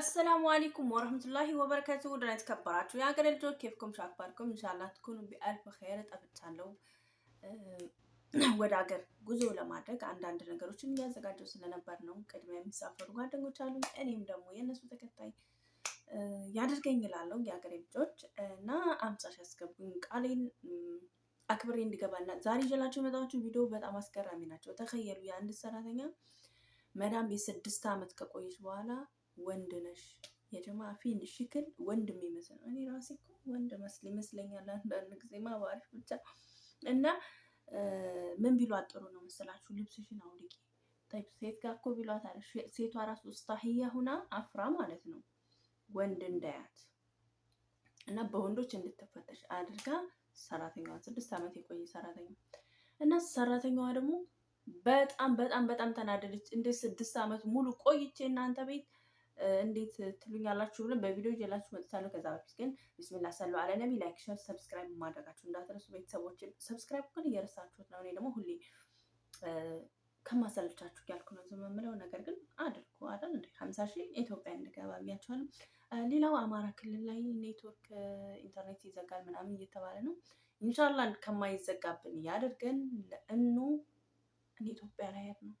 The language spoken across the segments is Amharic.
አሰላሙ አለይኩም ወረህመቱላሂ ወበረካቱ። ደህና የተከበራችሁ የሀገሬ ልጆች ኬፍኩም ሻክባርኩም ኢንሻላህ ትኩኑ ቢአልፍ ኸይር። ጠፍቻለሁ። ወደ ሀገር ጉዞ ለማድረግ አንዳንድ ነገሮችን እያዘጋጀው ስለነበር ነው። ቅድሚያ የሚሳፈሩ ጓደኞች አሉ፣ እኔም ደግሞ የእነሱ ተከታይ ያደርገኝ እላለሁ። የሀገሬ ልጆች እና አምሳ ሺህ አስገቡኝ ቃሌን አክብሬ እንድገባና ዛሬ ይዤላቸው የመጣኋቸው ቪዲዮ በጣም አስገራሚ ናቸው። ተኸየሉ የአንድ ሰራተኛ መዳም የስድስት ዓመት ከቆየች በኋላ ወንድ ነሽ የጀማ ፊን ሽክል ወንድ የሚመስል ነው። እኔ ራሴ እኮ ወንድ መስል ይመስለኛል አንዳንድ ጊዜ ማባሪፍ ብቻ እና ምን ቢሏት ጥሩ ነው መሰላችሁ? ልብስሽን አውልቂ ሴት ጋር እኮ ቢሏት አለ ሴቷ ራሱ ውስታህያ ሁና አፍራ ማለት ነው ወንድ እንዳያት እና በወንዶች እንድትፈተሽ አድርጋ ሰራተኛዋ ስድስት ዓመት የቆየ ሰራተኛ እና ሰራተኛዋ ደግሞ በጣም በጣም በጣም ተናደደች። እንዴት ስድስት ዓመት ሙሉ ቆይቼ እናንተ ቤት እንዴት ትሉኛላችሁ ብለን በቪዲዮ ይዤላችሁ መጥታለሁ። ከዛ በፊት ግን ቢስሚላ ሰሉ አለ ነቢ ላይክ፣ ሸር፣ ሰብስክራይብ ማድረጋችሁ እንዳትረሱ ቤተሰቦች። ሰብስክራይብ ግን እየረሳችሁት ነው። እኔ ደግሞ ሁሌ ከማሰለቻችሁ እያልኩ ነው ዝም የምለው ነገር ግን አድርጉ አይደል እንደ ሀምሳ ሺህ ኢትዮጵያ እንገባ ብያችኋለሁ። ሌላው አማራ ክልል ላይ ኔትወርክ ኢንተርኔት ይዘጋል ምናምን እየተባለ ነው። ኢንሻላህ ከማይዘጋብን ያድርገን ለእኑ እኔ ኢትዮጵያ ላይ ነው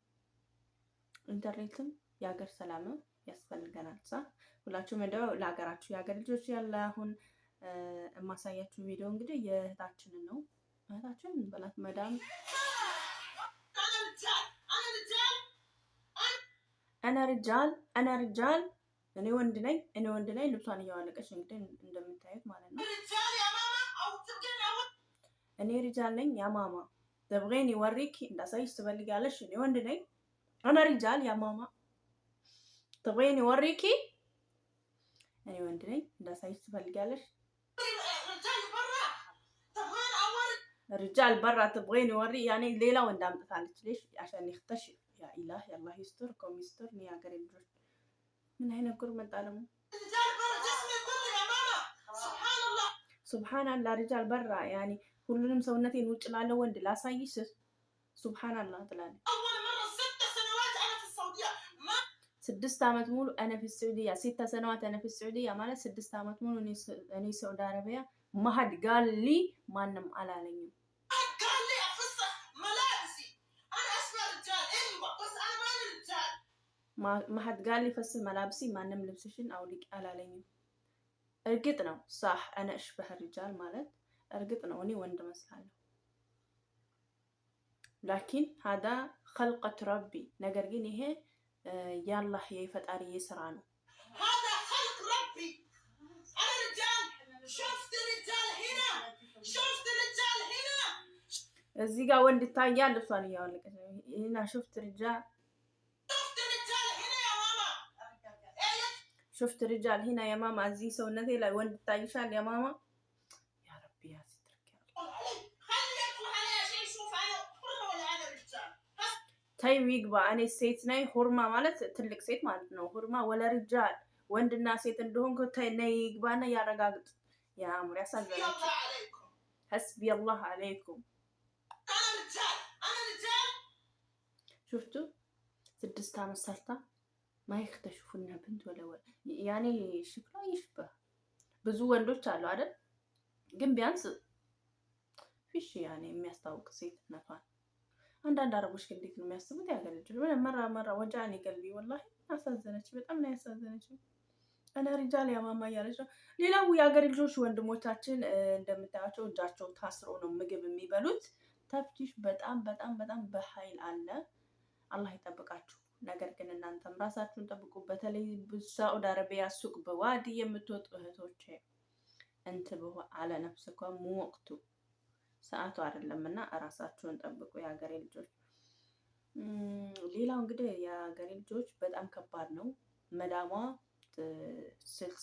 ኢንተርኔትም የሀገር ሰላምም ያስፈልገናል። ሳ ሁላችሁም እንደው ለሀገራችሁ የሀገር ልጆች ያለ አሁን የማሳያችሁ ቪዲዮ እንግዲህ የእህታችንን ነው። እህታችን በላት መዳም እነርጃል እነርጃል እኔ ወንድ ነኝ እኔ ወንድ ነኝ። ልብሷን እያዋለቀች እንግዲህ እንደምታዩት ማለት ነው። እኔ ሪጃል ነኝ ያማማ ደብሬን ወሪክ እንዳሳይሽ ትፈልጋለሽ? እኔ ወንድ ነኝ። አነ ሪጃል ያማማ ደብሬን ወሪኪ እኔ ወንድ ነኝ። እንዳሳይሽ ትፈልጋለሽ? ሪጃል በራ ትብሬን ወሪ ያኔ ሌላ ወንድ አምጥታለች። ልሽ አሸን ይክተሽ ያ ኢላህ ያላ ሂስቶር ኮሚስቶር ኒ ሀገር ልጆች ምን አይነት ጉር መጣ ደግሞ ሱብሃንአላህ ሪጃል በራ ያኔ ሁሉንም ሰውነቴን ውጭ ላለው ወንድ ላሳይሽ ስል ትላለች። ስድስት ዓመት ሙሉ እነ ፊ ሴት ተሰነዋት ሰነዋት እነ ማለት ስድስት ዓመት ሙሉ እኔ ሰዑድ አረቢያ መሀድ ጋሊ ማንም አላለኝም። መሀድ ጋሊ ፈስህ መላብሲ ማንም ልብስሽን አውልቂ አላለኝም። እርግጥ ነው ሳህ እነ እሽበህ ርጃል ማለት أرقطنا وني وند مسلاله لكن هذا خلقة ربي نقرقيني هي يلا هي فتاري يسرانه هذا خلق ربي أرجال شفت الرجال هنا شفت الرجال هنا الزيقة وند تايا لبصاني يا ولك هنا شفت رجال شفت الرجال هنا يا ماما عزيزة والنذيلة وين تعيشان يا ماما ተይው ይግባ። እኔ ሴት ነኝ። ሁርማ ማለት ትልቅ ሴት ማለት ነው። ሁርማ ወለርጃል ወንድና ሴት እንደሆን ነይ ይግባና ያረጋግጥ። ያምር ያሳዘናቸው። ሐስቢ አላህ አለይኩም። ሹፍቱ ስድስት አመት ሰርታ ማይክ ተሽፉና ብንት ወለወል ያኔ ሽፍላ ይሽባ ብዙ ወንዶች አሉ አይደል? ግን ቢያንስ ፊሽ ያኔ የሚያስታውቅ ሴት ሴትነቷን አንዳንድ አረቦች ግን እንዴት ነው የሚያስቡት? ያገር ልጅ መራ መራ ወጃኔ ገልቢ ወላሂ አሳዘነች። በጣም ነው ያሳዘነች። እነ ሪጃል ያማማ እያለች ነው። ሌላው የአገር ልጆች ወንድሞቻችን እንደምታያቸው እጃቸው ታስሮ ነው ምግብ የሚበሉት። ተፍቲሽ በጣም በጣም በጣም በኃይል አለ። አላህ ይጠብቃችሁ። ነገር ግን እናንተም ራሳችሁን ጠብቁ። በተለይ ሳዑድ አረቢያ ሱቅ በዋዲ የምትወጡ እህቶች እንትብሁ አለ ነፍስኮ ሙወቅቱ ሰዓቱ አይደለም እና እራሳችሁን ጠብቁ የሀገሬ ልጆች። ሌላው እንግዲህ የሀገሬ ልጆች በጣም ከባድ ነው። መዳሟ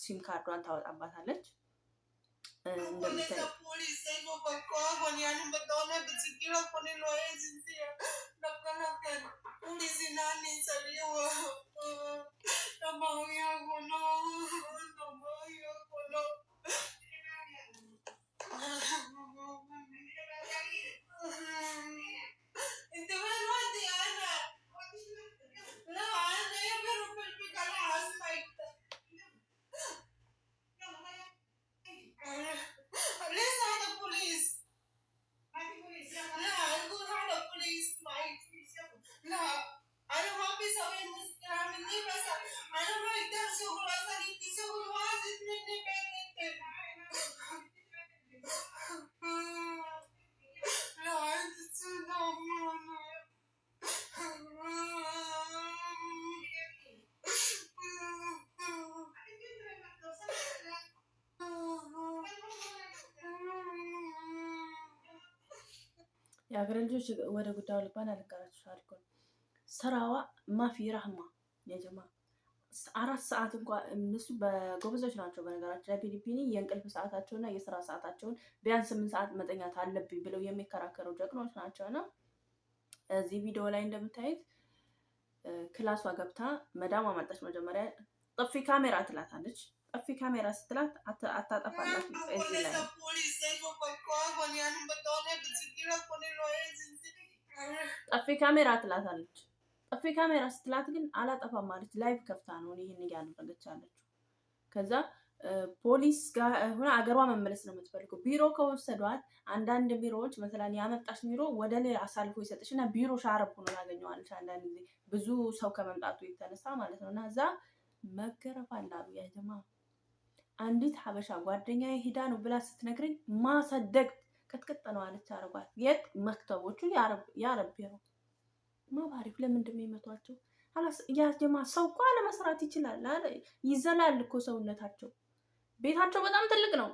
ሲም ካርዷን ታወጣባታለች። የሀገሬ ልጆች ወደ ጉዳዩ ልባን ያነገራችሁ አልኩኝ። ስራዋ ማፊ ራህማ የጀማ አራት ሰዓት እንኳ እነሱ በጎበዞች ናቸው። በነገራችን ላይ ፊሊፒኒ የእንቅልፍ ሰዓታቸውና የስራ ሰዓታቸውን ቢያንስ ስምንት ሰዓት መተኛት አለብኝ ብለው የሚከራከሩ ጀግኖች ናቸውና እዚህ ቪዲዮ ላይ እንደምታዩት ክላሷ ገብታ መዳም አመጣች መጀመሪያ ጠፊ ካሜራ ትላታለች። ጠፊ ካሜራ ስትላት አታጠፋላት። እዚህ ላይ ጠፊ ካሜራ ትላታለች። ጠፊ ካሜራ ስትላት ግን አላጠፋም ማለች ላይቭ ከፍታ ነው ይህን እያደረገች አለችው። ከዛ ፖሊስ ጋር ሆነ አገሯ መመለስ ነው የምትፈልገው። ቢሮ ከወሰዷት አንዳንድ ቢሮዎች መሰላል ያመጣሽ ቢሮ ወደ ላይ አሳልፎ ይሰጥሽ እና ቢሮ ሻረብ ሆኖ ታገኘዋለች። አንዳንድ ጊዜ ብዙ ሰው ከመምጣቱ የተነሳ ማለት ነው እና እዛ መገረፍ አለ አብያ አንዲት ሀበሻ ጓደኛ ሂዳ ነው ብላ ስትነግረኝ ማሰደግ ቅጥቅጥ ነው አለች። አረባት የት መክተቦቹ የአረብ ነው ማባሪፍ ለምንድን ነው ይመቷቸው? ያጀማ ጀማ ሰው እኮ አለመስራት ይችላል። አለ። ይዘላል እኮ ሰውነታቸው። ቤታቸው በጣም ትልቅ ነው።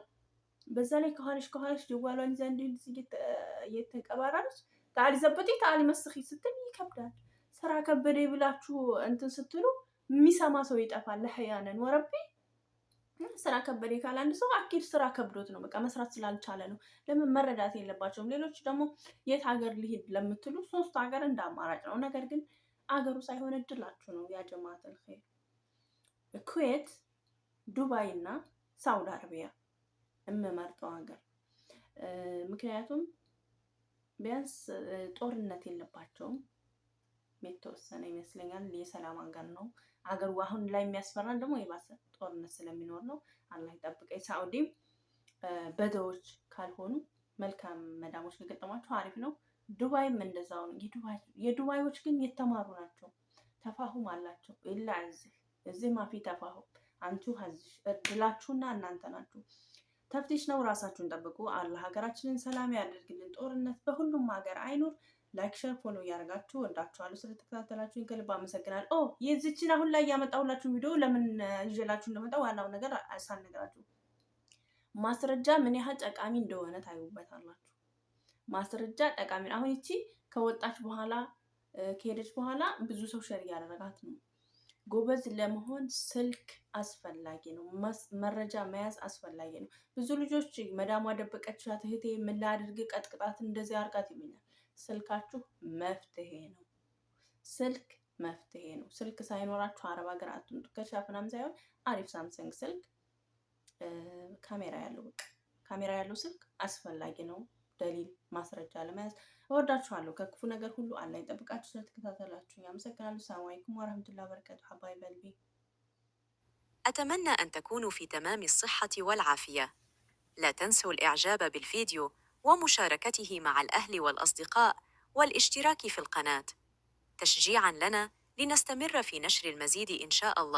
በዛ ላይ ከኋለሽ ከኋለሽ ጀዋሏን ይዛ እንዲህ እየተቀባራለች ታሊ ዘበጤ ታሊ መስኺ ስትል ይከብዳል። ስራ ከበደ ብላችሁ እንትን ስትሉ የሚሰማ ሰው ይጠፋል። ለህያነን ወረቤ ስራ ከበደ ካል አንድ ሰው አኪድ ስራ ከብዶት ነው፣ በቃ መስራት ስላልቻለ ነው። ለምን መረዳት የለባቸውም። ሌሎች ደግሞ የት ሀገር ሊሄድ ለምትሉ ሶስት ሀገር እንደ አማራጭ ነው። ነገር ግን አገሩ ሳይሆን እድላችሁ ነው። ያጀማትን ኩዌት፣ ዱባይ እና ሳውዲ አረቢያ የምመርጠው ሀገር ምክንያቱም ቢያንስ ጦርነት የለባቸውም። የተወሰነ ይመስለኛል። የሰላም ሀገር ነው አገሩ። አሁን ላይ የሚያስፈራን ደግሞ የባሰ ጦርነት ስለሚኖር ነው። አላህ ይጠብቀኝ። ሳዑዲም በደዎች ካልሆኑ መልካም መዳሞች ከገጠሟቸው አሪፍ ነው። ዱባይም እንደዛው ነው። የዱባዮች ግን የተማሩ ናቸው። ተፋሁም አላቸው። ኢላ እዚህ እዚህ ማፊ ተፋሁም አንቱ ሀዚሽ እድላችሁና እናንተ ናችሁ። ተፍቲሽ ነው። ራሳችሁን ጠብቁ። አላህ ሀገራችንን ሰላም ያደርግልን። ጦርነት በሁሉም ሀገር አይኑር። ላይክ ሸር ፎሎ እያደረጋችሁ ወዳችኋለሁ። ስለተከታተላችሁ ከልብ አመሰግናል። ኦ የዚችን አሁን ላይ ያመጣሁላችሁ ቪዲዮ ለምን ይዤላችሁ እንደመጣ ዋናው ነገር ሳልነግራችሁ ማስረጃ ምን ያህል ጠቃሚ እንደሆነ ታዩበታላችሁ። ማስረጃ ጠቃሚ አሁን ይቺ ከወጣች በኋላ ከሄደች በኋላ ብዙ ሰው ሸር እያደረጋት ነው። ጎበዝ ለመሆን ስልክ አስፈላጊ ነው። መረጃ መያዝ አስፈላጊ ነው። ብዙ ልጆች መዳሟ ደበቀች፣ እህቴ ምን ላድርግ፣ ቀጥቅጣት፣ እንደዚህ አርጋት ይሉኛል። ስልካችሁ መፍትሄ ነው። ስልክ መፍትሄ ነው። ስልክ ሳይኖራችሁ አረብ ሀገር አትምጡ። ከሻፍናም ሳይሆን አሪፍ ሳምሰንግ ስልክ ካሜራ ያለው በቃ ካሜራ ያለው ስልክ አስፈላጊ ነው። ደሊል ማስረጃ ለመያዝ እወዳችኋለሁ። ከክፉ ነገር ሁሉ አላህ ይጠብቃችሁ። ስለተከታተላችሁ አመሰግናለሁ። ሰላም አለይኩም ወረህመቱላሂ ወበረካቱ። ሀባይ በልቢ أتمنى أن تكونوا في تمام الصحة والعافية. لا تنسوا الإعجاب بالفيديو ومشاركته مع الأهل والأصدقاء والاشتراك في القناة تشجيعا لنا لنستمر في نشر المزيد إن شاء الله